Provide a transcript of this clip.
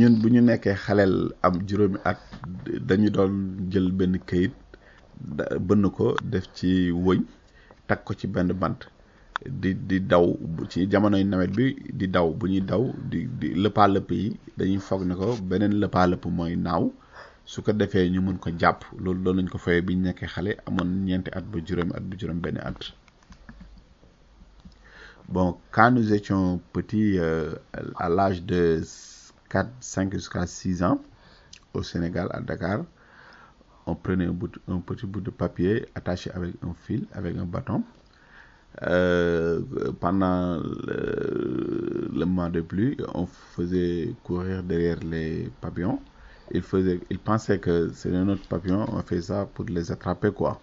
ñun bu ñu nekkee xaleel am juróomi at dañu doon jël benn kayit bënn ko def ci wëñ takk ko ci benn bant di di daw ci jamonoy nawet bi di daw bu ñuy daw di di lëppalëpp yi dañuy foog ne ko beneen lëppalëpp mooy naaw su ko defee ñu mën ko jàpp loolu doon lañ ko fayee bi ñu nekkee xale amoon ñeenti at ba juróomi at ba juróom benn at bon quand nous étions petits euh, à l'âge de quatre cinq jusqu'à 6 ans au Sénégal, à Dakar. On prenait un, bout, un, petit bout de papier attaché avec un fil, avec un bâton. Euh, pendant le, le, mois de plus on faisait courir derrière les papillons. Ils, faisaient, ils pensaient que c'était notre papillon, on fait ça pour les attraper quoi.